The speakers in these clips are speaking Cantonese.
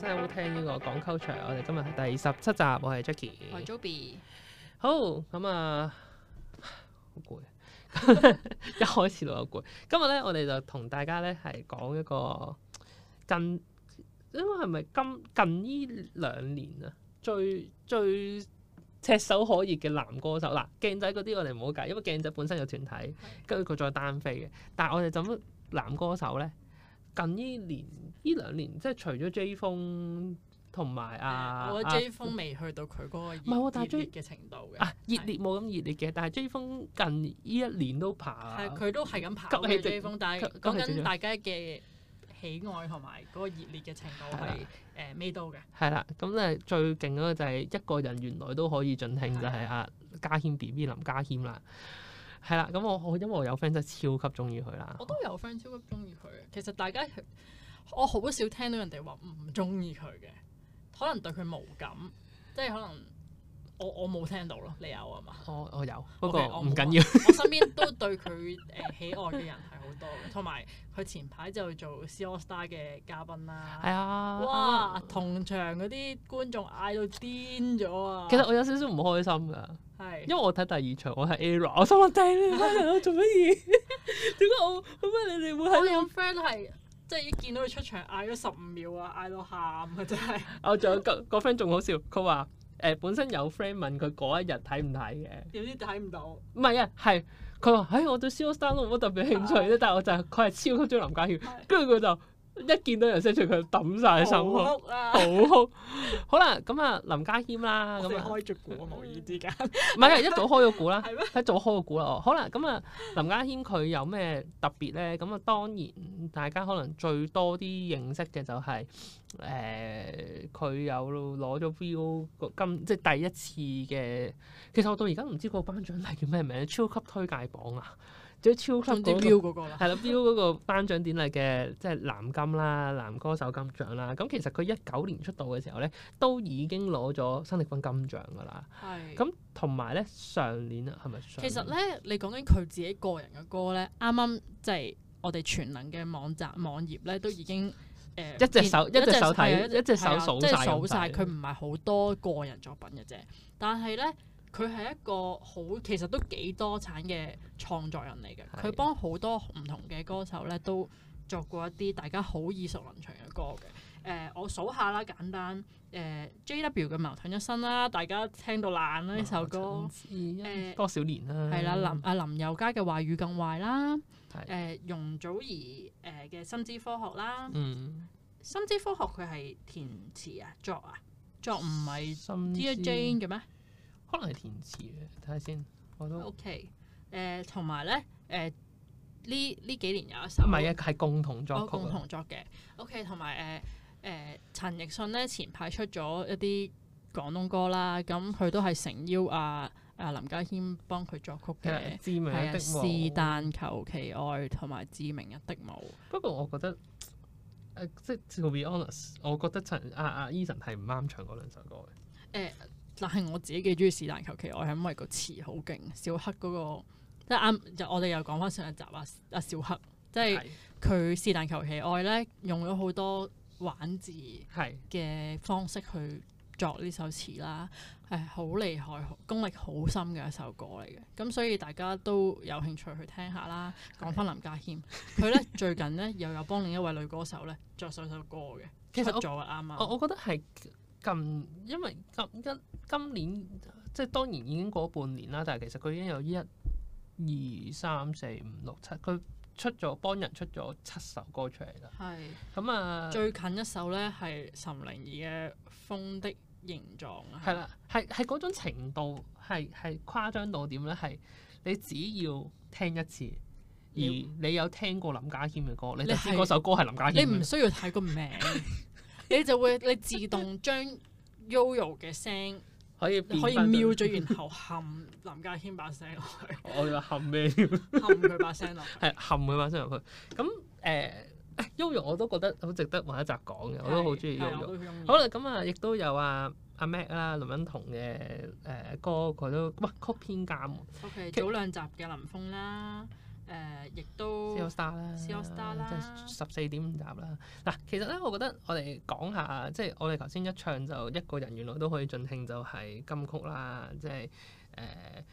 真係好聽，呢個講 culture，我哋今日係第十七集，我係 Jackie，我係 Joby。好咁啊，好、嗯、攰， 一開始都好攰。今日咧，我哋就同大家咧係講一個近，應該係咪近近呢兩年啊，最最炙手可熱嘅男歌手嗱，鏡仔嗰啲我哋唔好介，因為鏡仔本身有團體，跟住佢再單飛嘅，但係我哋就男歌手咧？近呢年呢兩年，即係除咗 Jay Fung 同埋啊，我 Jay Fung 未去到佢嗰個熱烈嘅程度嘅，熱烈冇咁熱烈嘅，但係 Jay Fung 近呢一年都爬，係佢都係咁爬嘅 Jay Fung，但係講緊大家嘅喜愛同埋嗰個熱烈嘅程度係誒未到嘅。係啦，咁咧最勁嗰個就係一個人原來都可以盡興，就係阿家謙 B B 林家謙啦。係啦，咁我我因為我有 friend 真係超級中意佢啦，我都有 friend 超級中意佢，其實大家我好少聽到人哋話唔中意佢嘅，可能對佢無感，即係可能。我我冇聽到咯，你有啊嘛？我我有，不過我唔緊要。啊、我身邊都對佢誒、呃、喜愛嘅人係好多嘅，同埋佢前排就做、C o《Star》嘅嘉賓啦。係啊！哎、呀哇，同場嗰啲觀眾嗌到癲咗啊！其實我有少少唔開心㗎，是因為我睇第二場，我係 ERROR 我心諗頂啊！的哎、做乜嘢？點 解我咁你哋會喺我個 friend 係即係一見到佢出場嗌咗十五秒啊，嗌到喊啊！真係我仲有個個 friend 仲好笑，佢話。誒、呃、本身有 friend 問佢嗰一日睇唔睇嘅，有點知睇唔到？唔係啊，係。佢話：哎「唉，我對 superstar 都冇特別興趣啫， 但係我就佢、是、係超級鍾意林家謙，跟住佢就。一見到人聲出，佢抌晒心咯，好的啊，好好！ 好啦，咁啊，林家謙啦，咁開咗股，無意之間，唔係啊，一早開咗股啦， 一早開咗股啦哦。 好啦，咁啊，林家謙佢有咩特別咧？咁啊，當然大家可能最多啲認識嘅就係、是、誒，佢、呃、有攞咗 V 個金即係第一次嘅。其實我到而家唔知個頒獎禮叫咩名，超級推介榜啊！即係超級，即係標嗰個啦，係啦，標嗰個頒獎典禮嘅即係男金啦、男歌手金獎啦。咁其實佢一九年出道嘅時候咧，都已經攞咗生力軍金獎噶啦。係。咁同埋咧，上年啦，係咪？其實咧，你講緊佢自己個人嘅歌咧，啱啱即係我哋全能嘅網站網頁咧，都已經誒一隻手一隻手睇，一隻手數曬。即係數晒。佢唔係好多個人作品嘅啫，但係咧。佢係一個好，其實都幾多產嘅創作人嚟嘅。佢的幫好多唔同嘅歌手咧，都作過一啲大家好耳熟能詳嘅歌嘅。誒、呃，我數下啦，簡單。誒、呃、，J.W. 嘅矛盾一生啦，大家聽到爛啦呢首歌。多少年啦？係啦、呃，林啊林宥嘉嘅壞與更壞啦。係的、呃。容祖兒誒嘅心之科學啦。心之、嗯、科學佢係填詞啊，作啊，作唔係 DJ 嘅咩？可能係填詞嘅，睇下先。我都 O K。誒、okay. 嗯嗯，同埋咧，誒呢呢幾年有一首唔係嘅，係共同作曲、共同作嘅。O K，同埋誒誒陳奕迅咧，前排出咗一啲廣東歌啦，咁佢都係誠邀啊啊林家謙幫佢作曲嘅《致明》《是但求其愛》同埋《致明日的舞》。不過我覺得誒，即係 to be honest，我覺得陳啊啊 Eason 係唔啱唱嗰兩首歌嘅。誒。但係我自己幾中意是但求其愛係因為個詞好勁。小黑嗰個即係啱，就我哋又講翻上一集啊！啊，小黑即係佢是但求其愛咧，的用咗好多玩字嘅方式去作呢首詞啦，係好的厲害，功力好深嘅一首歌嚟嘅。咁所以大家都有興趣去聽下啦。講翻林家謙，佢咧的最近咧又有幫另一位女歌手咧作首首歌嘅， 其實做嘅啱啊！我我覺得係。近，因為今一今年即係當然已經過半年啦，但係其實佢已經有一二三四五六七，佢出咗幫人出咗七首歌出嚟啦。係咁是啊！最近一首咧係岑寧兒嘅《風的形狀》。係啦，係係嗰種程度，係係誇張到點咧？係你只要聽一次，而你有聽過林家謙嘅歌，你，是你就知嗰首歌係林家謙。你唔需要睇個名。 你就會你自動將 Yoyo 嘅聲可以可以瞄咗，然後冚林家謙把聲落去。我話冚咩？冚佢把聲落去。係冚佢把聲入去。咁誒 Yoyo 我都覺得好值得揾一集講嘅 Okay,，我都好中意 Yoyo。好啦、嗯，咁啊，亦都有啊，阿 Mac 啦、林欣彤嘅誒歌，佢都屈曲編監。啊、OK，早兩集嘅林峯啦。誒，亦、呃、都《Co-Star》啦，《Co-Star》啦，即係十四點五集啦。嗱，其實咧，我覺得我哋講下，即係我哋頭先一唱就一個人原來都可以盡興，就係金曲啦，即係誒、呃。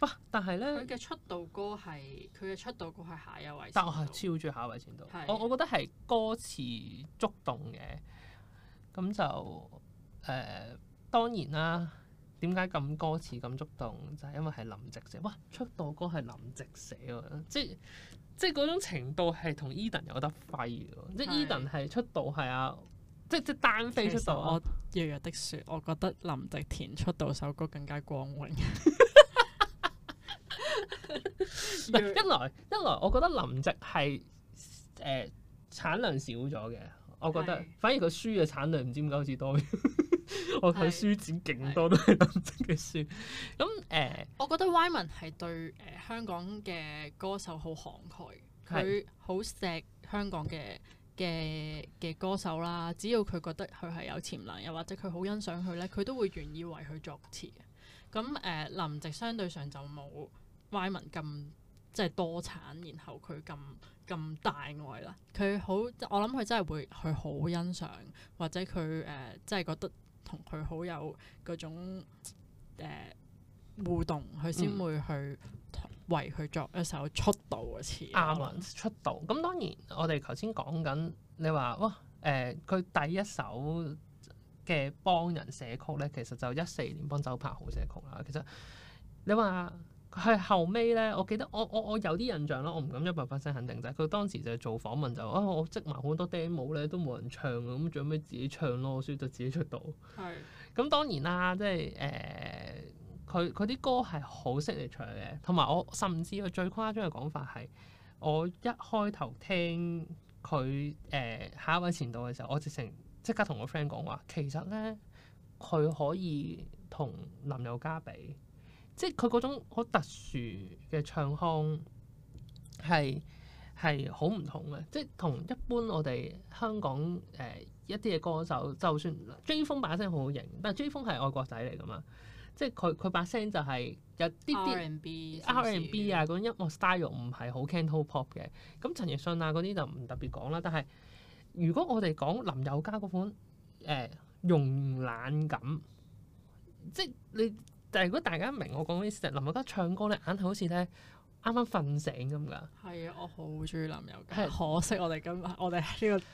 哇！但係咧，佢嘅出道歌係佢嘅出道歌係下一位前度，但我係超鍾意下一位前度。的我我覺得係歌詞觸動嘅，咁就誒、呃、當然啦。嗯點解咁歌詞咁觸動？就係、是、因為係林夕寫，哇，出道歌係林夕寫喎，即係即係嗰種程度係同 Edan 有得揮，是即係、e、Edan 係出道係啊，即係即係單飛出道。我弱弱的說，我，我覺得林夕填出道首歌更加光榮。一來一來，我覺得林夕係誒產量少咗嘅，我覺得反而佢書嘅產量唔知點解好似多。 我睇書展，勁多都係林夕嘅書。咁誒， 那呃、我覺得 Wyman 係對誒、呃、香港嘅歌手好慷慨，佢好錫香港嘅嘅嘅歌手啦。只要佢覺得佢係有潛能，又或者佢好欣賞佢咧，佢都會願意為佢作詞嘅。咁誒、呃，林夕相對上就冇 Wyman 咁即係多產，然後佢咁咁大愛啦。佢好，我諗佢真係會佢好欣賞，或者佢誒即係覺得。同佢好有嗰種、呃、互動，佢先會去、嗯、為佢作一首出道嘅詞。啱啊，出道。咁當然，我哋頭先講緊，你話哇誒，佢、呃、第一首嘅幫人寫曲咧，其實就一四年幫周柏豪寫曲啦。其實你話。佢係後尾咧，我記得我我我有啲印象咯，我唔敢一百 percent 肯定，就係佢當時就做訪問就，哦、啊、我積埋好多 demo 咧都冇人唱，咁最屘自己唱咯，所以就自己出道。係是。咁當然啦，即係誒，佢佢啲歌係好識嚟唱嘅，同埋我甚至佢最誇張嘅講法係，我一開頭聽佢誒、呃《下一位前度》嘅時候，我直情即刻同我 friend 講話，其實咧佢可以同林宥嘉比。即係佢嗰種好特殊嘅唱腔，係係好唔同嘅。即係同一般我哋香港誒、呃、一啲嘅歌手，就算 JAY 峯把聲好好型，但係 JAY 峯係外國仔嚟㗎嘛。即係佢佢把聲就係有啲啲 R&B 啊嗰種音樂 style 唔係好 canto pop 嘅。咁陳奕迅啊嗰啲就唔特別講啦。但係如果我哋講林宥嘉嗰款誒慵懶感，即係你。但係如果大家明我講啲事，林宥嘉唱歌咧，眼好似咧啱啱瞓醒咁噶。係啊，我好中意林宥嘉。的可惜我哋今日我哋呢、這個劇，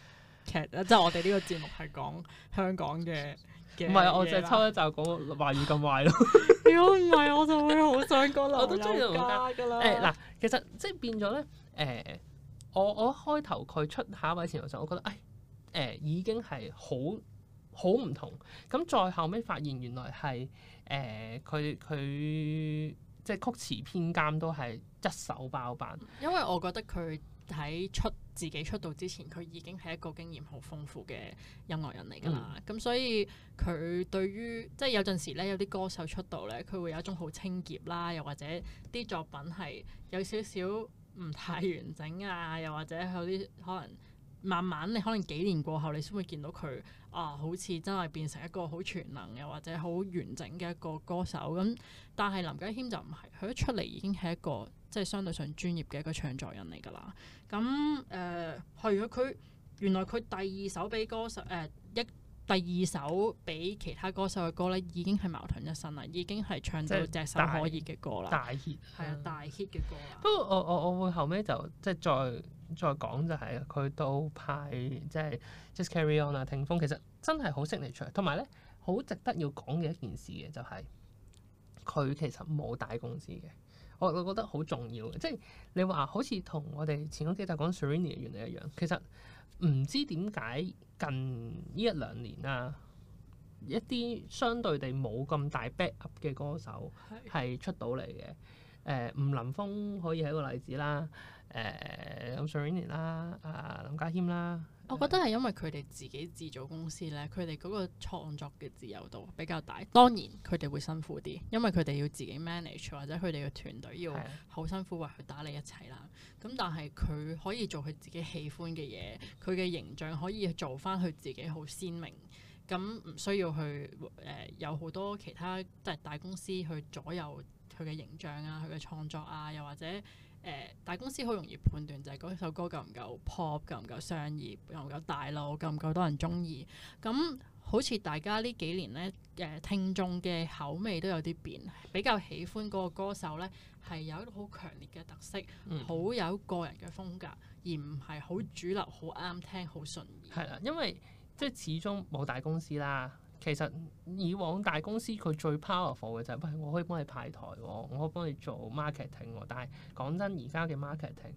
即係 我哋呢個節目係講香港嘅。唔係，我就抽一集講個華語咁壞咯。如果唔係，我就會好想講 我都中意林宥嘉㗎啦。誒嗱、欸，其實即係變咗咧，誒、欸、我我開頭佢出下一位前提上，我覺得誒誒、欸欸、已經係好好唔同。咁再後尾發現原來係。誒，佢佢、呃、即係曲詞編監都係一手包辦。因為我覺得佢喺出自己出道之前，佢已經係一個經驗好豐富嘅音樂人嚟㗎啦。咁、嗯嗯、所以佢對於即係有陣時咧，有啲歌手出道咧，佢會有一種好清潔啦，又或者啲作品係有少少唔太完整啊，嗯、又或者有啲可能。慢慢你可能幾年過後，你先會見到佢啊，好似真係變成一個好全能嘅或者好完整嘅一個歌手。咁但係林家謙就唔係，佢一出嚟已經係一個即係相對上專業嘅一個唱作人嚟㗎啦。咁誒係啊，佢、呃、原來佢第二首俾歌手誒、呃、一第二首俾其他歌手嘅歌咧，已經係矛盾一生啦，已經係唱到隻手可以嘅歌啦，大 hit 係熱啊，大 hit 嘅歌啦。不過我我我會後尾就即係再。再講就係佢到派，即係 just carry on 啊，霆鋒其實真係好識嚟唱，同埋咧好值得要講嘅一件事嘅就係佢其實冇大公司嘅，我我覺得好重要嘅，即係你話好似同我哋前嗰幾集講 Serenity 原嚟一樣，其實唔知點解近呢一兩年啊，一啲相對地冇咁大 back up 嘅歌手係出到嚟嘅，誒，是，呃，吳林峰可以係一個例子啦。誒、呃、林尚韻啦，啊林家謙啦，我覺得係因為佢哋自己自組公司咧，佢哋嗰個創作嘅自由度比較大。當然佢哋會辛苦啲，因為佢哋要自己 manage 或者佢哋嘅團隊要好辛苦為佢打理一切啦。咁的但係佢可以做佢自己喜歡嘅嘢，佢嘅形象可以做翻佢自己好鮮明，咁唔需要去誒、呃、有好多其他即係大公司去左右佢嘅形象啊，佢嘅創作啊，又或者。誒、呃、大公司好容易判斷就係嗰首歌夠唔夠 pop，夠唔夠商業，夠唔夠大路，夠唔夠多人中意。咁好似大家呢幾年呢，誒、呃、聽眾嘅口味都有啲變，比較喜歡嗰個歌手呢，係有一個好強烈嘅特色，好、嗯、有個人嘅風格，而唔係好主流、好啱、嗯、聽、好順意。係啦，因為即係始終冇大公司啦。其實以往大公司佢最 powerful 嘅就係、是，喂，我可以幫你派台、哦，我可以幫你做 marketing 喎、哦。但係講真，而家嘅 marketing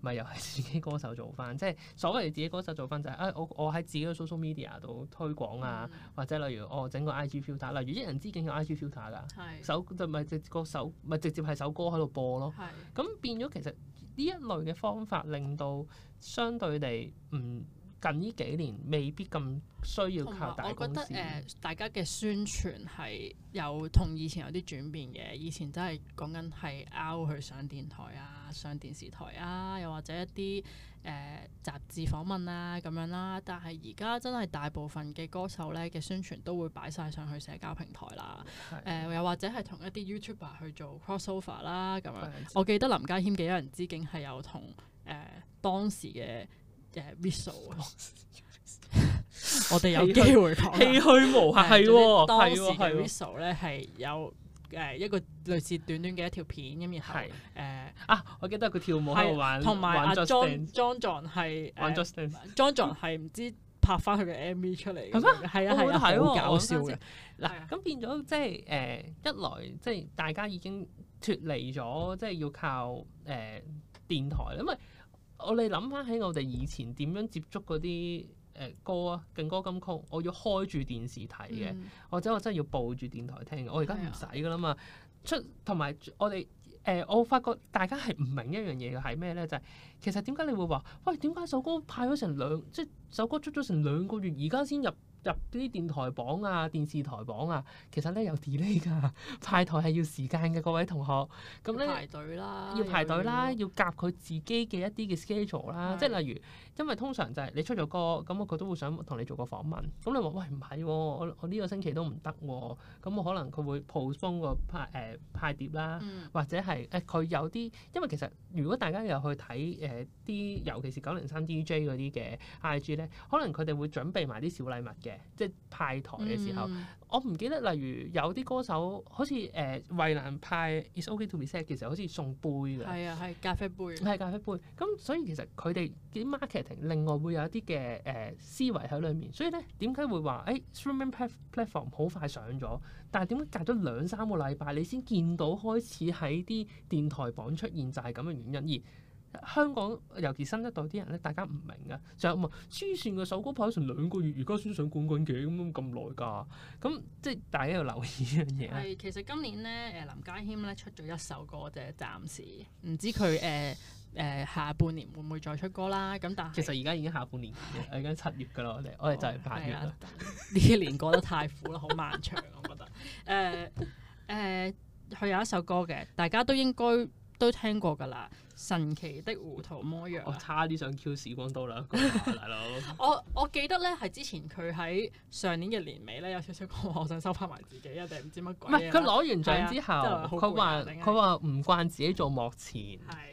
咪又係自己歌手做翻，即係所謂自己歌手做翻就係，哎，我我喺自己嘅 social media 度推廣啊，嗯、或者例如我整個 IG filter，例如一人之境嘅 IG filter 㗎，首就咪直接個首咪直接係首歌喺度播咯。咁是變咗其實呢一類嘅方法，令到相對地唔近呢幾年未必咁需要靠大公司。我覺得誒、呃，大家嘅宣傳係有同以前有啲轉變嘅。以前真係講緊係 out 去上電台啊，上電視台啊，又或者一啲誒、呃、雜誌訪問啊咁樣啦。但係而家真係大部分嘅歌手咧嘅宣傳都會擺晒上去社交平台啦。誒的、呃、又或者係同一啲 YouTuber 去做 crossover 啦咁樣。的我記得林家謙《一人之境》係有同誒當時嘅。誒 Vessel， 我哋有機會睇，氣虛無限係喎，係喎，係 Vessel 咧係有誒 一個類似短短嘅一條片咁，然後誒的啊，我記得佢跳舞喺度玩，同埋阿 John，John 係，John 係 John 唔知拍翻佢嘅 MV 出嚟，係啊係，的好搞笑嘅。嗱咁變咗即係誒、呃、一來即係大家已經脫離咗，即係要靠誒、呃、電台，因為。我哋諗翻起我哋以前點樣接觸嗰啲誒歌啊勁歌金曲，我要開住電視睇嘅，嗯、或者我真係要播住電台聽嘅。我而家唔使㗎喇嘛，哎、呦出同埋我哋誒、呃，我發覺大家係唔明一樣嘢嘅係咩咧？就係、是、其實點解你會話，喂點解首歌派咗成兩即係首歌出咗成兩個月而家先入？入啲電台榜啊、電視台榜啊，其實咧有 delay 㗎，派台係要時間嘅。各位同學，咁咧排隊啦，要排隊啦，要夾佢自己嘅一啲嘅 schedule 啦。是即係例如，因為通常就係你出咗歌，咁佢都會想同你做個訪問。咁你話喂唔係、哦，我我呢個星期都唔得、哦，咁我可能佢會鋪鬆個派、呃、派碟啦，嗯、或者係誒佢有啲，因為其實如果大家有去睇誒啲，尤其是九零三 DJ 嗰啲嘅 IG 咧，可能佢哋會準備埋啲小禮物嘅。即係派台嘅時候，嗯、我唔記得，例如有啲歌手好似誒衞蘭派《It's OK To Be Sad》嘅時候，好似送杯㗎，係啊，係咖啡杯，係咖啡杯。咁所以其實佢哋啲 marketing 另外會有一啲嘅誒思維喺裏面。所以咧，點解會話誒 streaming platform 好快上咗，但係點解隔咗兩三個禮拜你先見到開始喺啲電台榜出現，就係咁嘅原因而。香港尤其新一代啲人咧，大家唔明嘅。仲有冇珠算個首歌排咗成兩個月，而家先上冠軍嘅咁咁耐噶。咁即係大家要留意呢樣嘢。係其實今年咧，誒林家謙咧出咗一首歌，就係暫時唔知佢誒誒下半年會唔會再出歌啦。咁但係其實而家已經下半年嘅，已經七月噶啦。 我哋我哋就係八月啦。呢一、哦啊、年過得太苦啦，好 漫長。我覺得誒誒，佢、呃呃呃、有一首歌嘅，大家都應該都聽過噶啦。神奇的胡桃魔藥。我差啲想 Q 時光刀啦，大佬。 咯 我我記得咧，係之前佢喺上年嘅年尾咧，有出出講話想收翻埋自己啊定唔知乜鬼。唔係佢攞完獎之後，佢話佢話唔慣自己做幕前，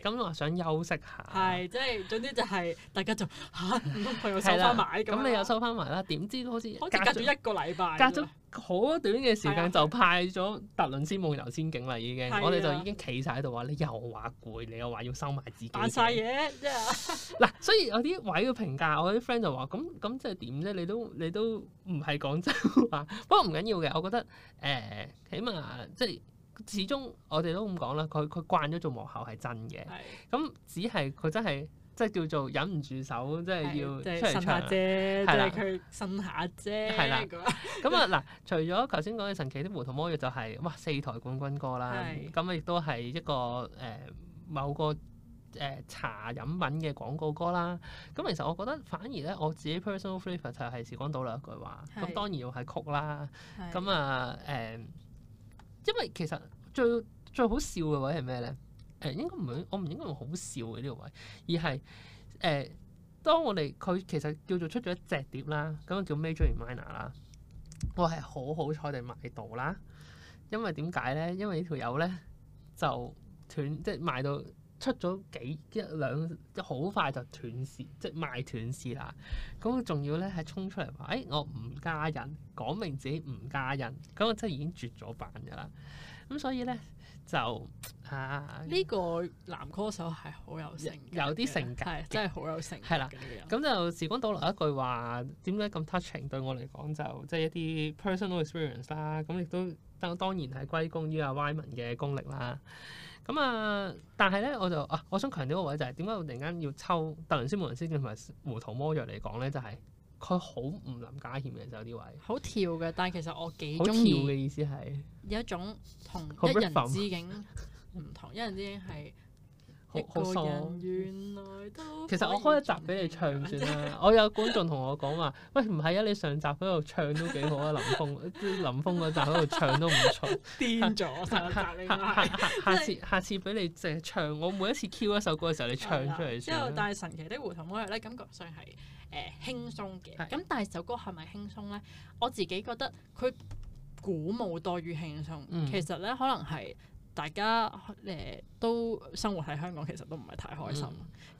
咁話、嗯嗯、想休息下。係即係總之就係大家就吓，唔通佢要收翻埋咁。 咁你又收翻埋啦？點知好似隔咗一個禮拜，隔咗好短嘅時間就派咗《特倫斯夢遊仙境》啦已經。的我哋就已經企晒喺度話：你又話攰，你又話要，收埋自己扮晒嘢，即係嗱， 所以我啲位嘅評價，我啲 friend 就話，咁咁即係點咧？你都你都唔係講真話， 不過唔緊要嘅。我覺得誒、欸，起碼即係始終我哋都咁講啦。佢佢慣咗做幕後係真嘅，咁的只係佢真係即係叫做忍唔住手，即係要出嚟唱啫，即係佢呻下啫，係啦的。咁的啊嗱， 除咗頭先講嘅神奇啲胡桃魔藥，就是，就係哇四台冠軍歌啦，咁亦都係一個誒。嗯某個誒、呃、茶飲品嘅廣告歌啦，咁、嗯、其實我覺得反而咧，我自己 personal flavour 就係時光倒流一句話，咁是當然要係曲啦，咁啊誒，因為其實最最好笑嘅位係咩咧？誒、呃、應該唔係，我唔應該用「好笑」嘅呢個位，而係誒、呃，當我哋佢其實叫做出咗一隻碟啦，咁叫 major minor 啦，我係好好彩地買到啦，因為點解咧？因為呢條友咧就。斷即係賣到出咗幾一兩，即係好快就斷市，即係賣斷市啦。咁仲要咧係衝出嚟話：誒、哎、我唔加印，講明自己唔加印。咁我真係已經絕咗版噶啦。咁所以咧。就啊，呢個男歌手係好有性格，有啲性格，係真係好有性格。係啦的，咁有就時光倒流一句話，點解咁 touching？對我嚟講就即係、就是、一啲 personal experience 啦。咁亦都當當然係歸功於阿 Wyman 嘅功力啦。咁啊，但係咧我就啊，我想強調個位就係點解我突然間要抽特倫斯莫文斯同埋胡桃魔藥嚟講咧，嗯、就係、是。佢好唔臨家嫌嘅就有啲位，好跳嘅，但係其實我幾中意。嘅意思係有一種同一人之境，唔同 一人之境係。好，原來都。其實我開一集俾你唱算啦。反正 我有觀眾同我講話，喂，唔係啊，你上集喺度唱都幾好啊， 林峰，林峰嗰集喺度唱都唔錯。 癲咗， 下，下，下，下，下，下，下次下次俾你淨係唱。我每一次 Q 一首歌嘅時候，你唱出嚟先。之後、 嗯，但係神奇的胡同魔術咧，感覺上係誒輕鬆嘅。咁但係首歌係咪輕鬆咧？我自己覺得佢鼓舞多於輕鬆。其實咧，可能係。大家誒都生活喺香港，其實都唔係太開心。咁、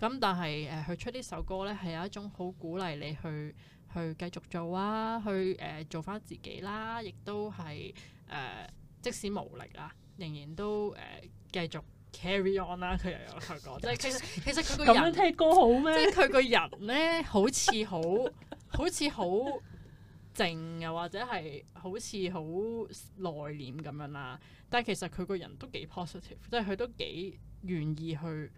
嗯、但係誒佢出呢首歌咧，係有一種好鼓勵你去去繼續做啊，去誒做返自己啦，亦都係誒、呃、即使無力啊，仍然都誒、呃、繼續 carry on 啦。佢又有佢講，即係其實其實佢個人聽歌好咩？即係佢個人咧， 好似好好似好。靜又或者係好似好內斂咁樣啦，但係其實佢個人都幾 positive，即係佢都幾願意去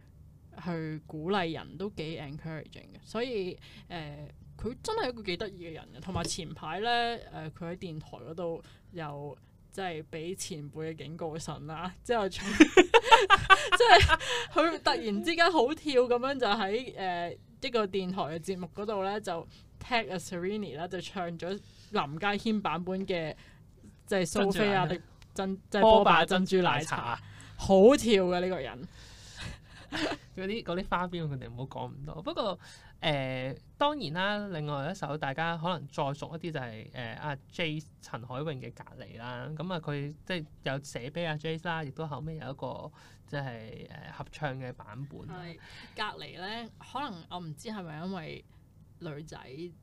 去鼓勵人都幾 encouraging 嘅，所以誒佢，呃，真係一個幾得意嘅人，同埋前排呢，誒佢喺電台嗰度又即係俾前輩嘅警告信啦，之後即係佢突然之間好跳咁樣就喺誒一個電台嘅節目嗰度呢，就。take a serenity 啦，就唱咗林家謙版本嘅即係蘇菲亞的珍即係波霸珍珠奶茶，好跳嘅呢，這個人。嗰啲啲花邊，佢哋唔好講咁多。不過誒、呃，當然啦，另外一首大家可能再熟一啲就係誒阿 Jay 陳海詠嘅隔離啦。咁、嗯、啊，佢即係有寫俾阿 Jay 啦，亦都後尾有一個即係誒合唱嘅版本。隔離咧，可能我唔知係咪因為。女仔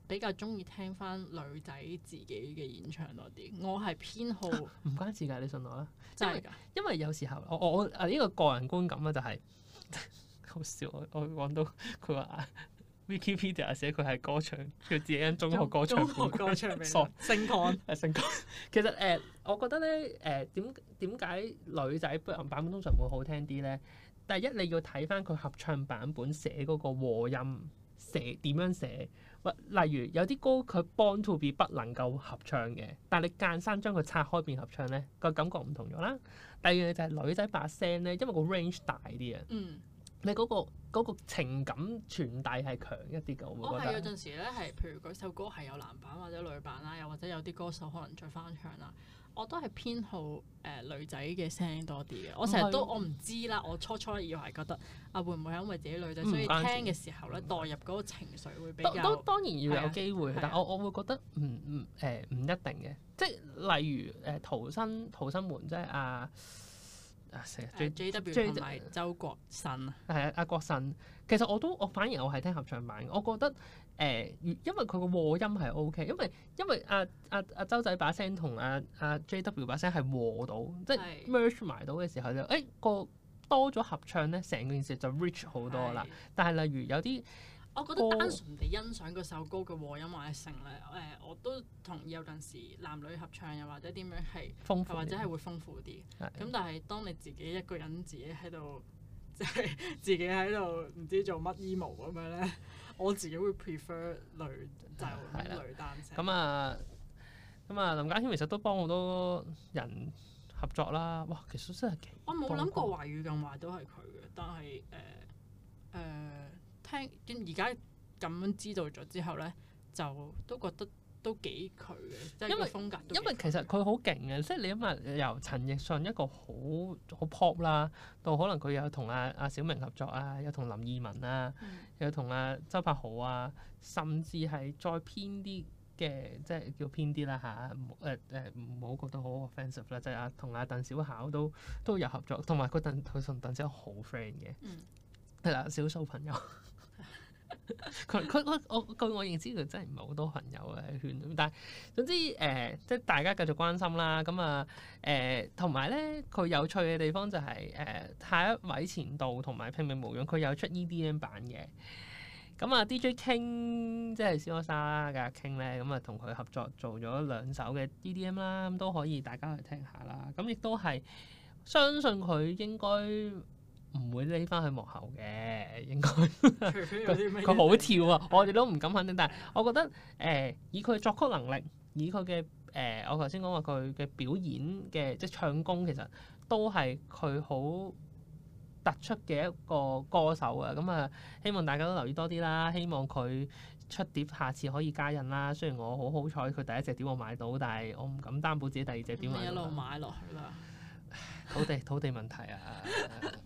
比較中意聽翻女仔自己嘅演唱多啲，我係偏好、啊。唔關事㗎，你信我啦。真係㗎，因為有時候我我啊呢、這個個人觀感啊就係、是、 好笑，我我講到佢話 VQPeter i k 寫佢係歌唱，佢自己喺中學歌唱。 中學歌唱咩 s 星 n 姓唐 其實誒、呃，我覺得咧誒點點解女仔不韻版本通常會好聽啲咧？第一你要睇翻佢合唱版本寫嗰個和音。寫點樣寫？例如有啲歌佢 Born to be 不能夠合唱嘅，但係你間生將佢拆開變合唱咧，個感覺唔同咗啦。第二嘅就係女仔把聲咧，因為個 range 大啲啊。嗯，你嗰、嗰個嗰個情感傳遞係強一啲嘅，我會覺得。有陣時咧，係、嗯、譬、嗯嗯、如嗰首歌係有男版或者女版啦，又或者有啲歌手可能再翻唱啦。嗯嗯嗯嗯嗯我都係偏好誒、呃、女仔嘅聲多啲嘅是，我成日都我唔知啦，我初初以為係覺得啊會唔會係因為自己女仔，所以聽嘅時候咧代入嗰個情緒會比較。都，都當然要有機會，啊、但我我會覺得唔唔誒唔一定嘅，即係例如誒逃生、呃、逃生門，即係啊。啊！成最 JW 同埋周國新，啊，係啊，阿國新。其實我都我反而我係聽合唱版嘅，我覺得誒、呃，因為佢個和音係 OK，因為因為阿阿阿周仔把聲同阿阿 JW 把聲係和到，的即係 merge 埋到嘅時候就誒個多咗合唱咧，成件事就 rich 好多啦。的但係例如有啲。我覺得單純地欣賞嗰首歌嘅和音或者成咧，誒，我都同意有陣時男女合唱又或者點樣係，或者係會豐富啲。咁但係當你自己一個人自己喺度，即、就、係、是、自己喺度唔知做乜衣 m o 咁樣咧，我自己會 prefer 女就女單聲。咁啊，咁啊，林家謙其實都幫好多人合作啦。哇，其實真係幾，我冇諗過華語近華都係佢嘅，但係誒誒。呃呃聽，咁而家咁樣知道咗之後咧，就都覺得都幾佢嘅，因為即係個風格。因為其實佢好勁嘅，即係你諗下，由陳奕迅一個好好 pop 啦，到可能佢有同阿阿小明合作啊，有同林二汶啊，嗯、有同阿周柏豪啊，甚至係再偏啲嘅，即係叫偏啲啦吓，誒誒唔好覺得好 offensive 啦，即係阿同阿鄧小巧都都有合作，同埋佢鄧佢同鄧小巧好 friend 嘅、嗯，係啦，少數朋友。佢佢 我我據我認識佢真係唔係好多朋友嘅圈咁，但係總之誒，即、呃、係大家繼續關心啦。咁啊誒，同埋咧，佢有趣嘅地方就係、是、誒、呃，下一位前度同埋拼命無用，佢有出 EDM 版嘅。咁、嗯、啊、呃、DJ King 即係蕭亞莎嘅 King 咧，咁啊同佢合作做咗兩首嘅 EDM 啦、呃，咁都可以大家去聽下啦。咁、呃、亦都係相信佢應該，唔會匿翻去幕後嘅，應該佢好 跳啊！我哋都唔敢肯定， 但係我覺得誒、呃，以佢作曲能力，以佢嘅誒，我頭先講話佢嘅表演嘅即唱功，其實都係佢好突出嘅一個歌手啊！咁、嗯、啊、呃，希望大家都留意多啲啦。希望佢出碟，下次可以加印啦。雖然我好好彩，佢第一隻碟我買到，但係我唔敢擔保自己第二隻碟我買。一路買落去啦。 土地土地問題啊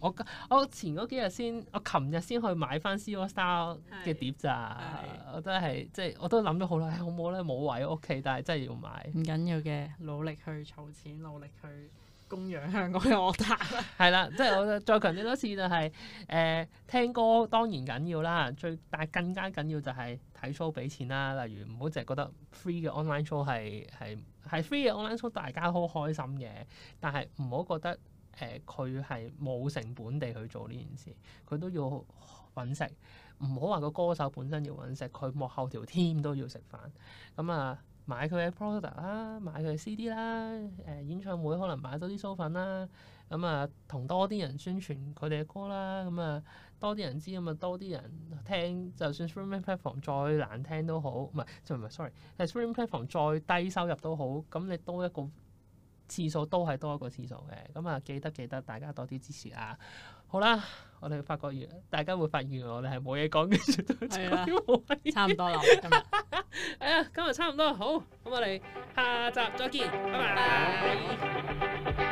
我！我我前嗰幾日先，我琴日先去買翻 COSMO 嘅碟咋，我都係即係我都諗咗好耐，好唔好咧？冇位屋企，但係真係要買。唔緊要嘅，努力去儲錢，努力去供養香港嘅樂壇。係 啦，即係我再強調多次就係，誒、呃、聽歌當然緊要啦，最但係更加緊要就係睇 show 俾錢啦。例如唔好淨係覺得 free 嘅 online show 係係。係 free online show，大家好開心嘅，但係唔好覺得誒佢係冇成本地去做呢件事，佢都要揾食。唔好話個歌手本身要揾食，佢幕後條 team 都要食飯。咁、嗯、啊，買佢嘅 product 啦，買佢嘅 CD 啦、呃，誒演唱會可能買多啲蘇粉啦。咁啊，同、嗯、多啲人宣傳佢哋嘅歌啦，咁、嗯、啊多啲人知，咁啊多啲人聽，就算 streaming platform 再難聽都好，唔係，sorry 係 streaming platform 再低收入都好，咁你多一個次數都係多一個次數嘅。咁、嗯、啊，記得記得，大家多啲支持啊！好啦，我哋發覺完，大家會發現我哋係冇嘢講嘅，的 差唔多啦。今日， 哎呀，今日差唔多啦，好，咁我哋下集再見，拜拜。Bye. 拜拜。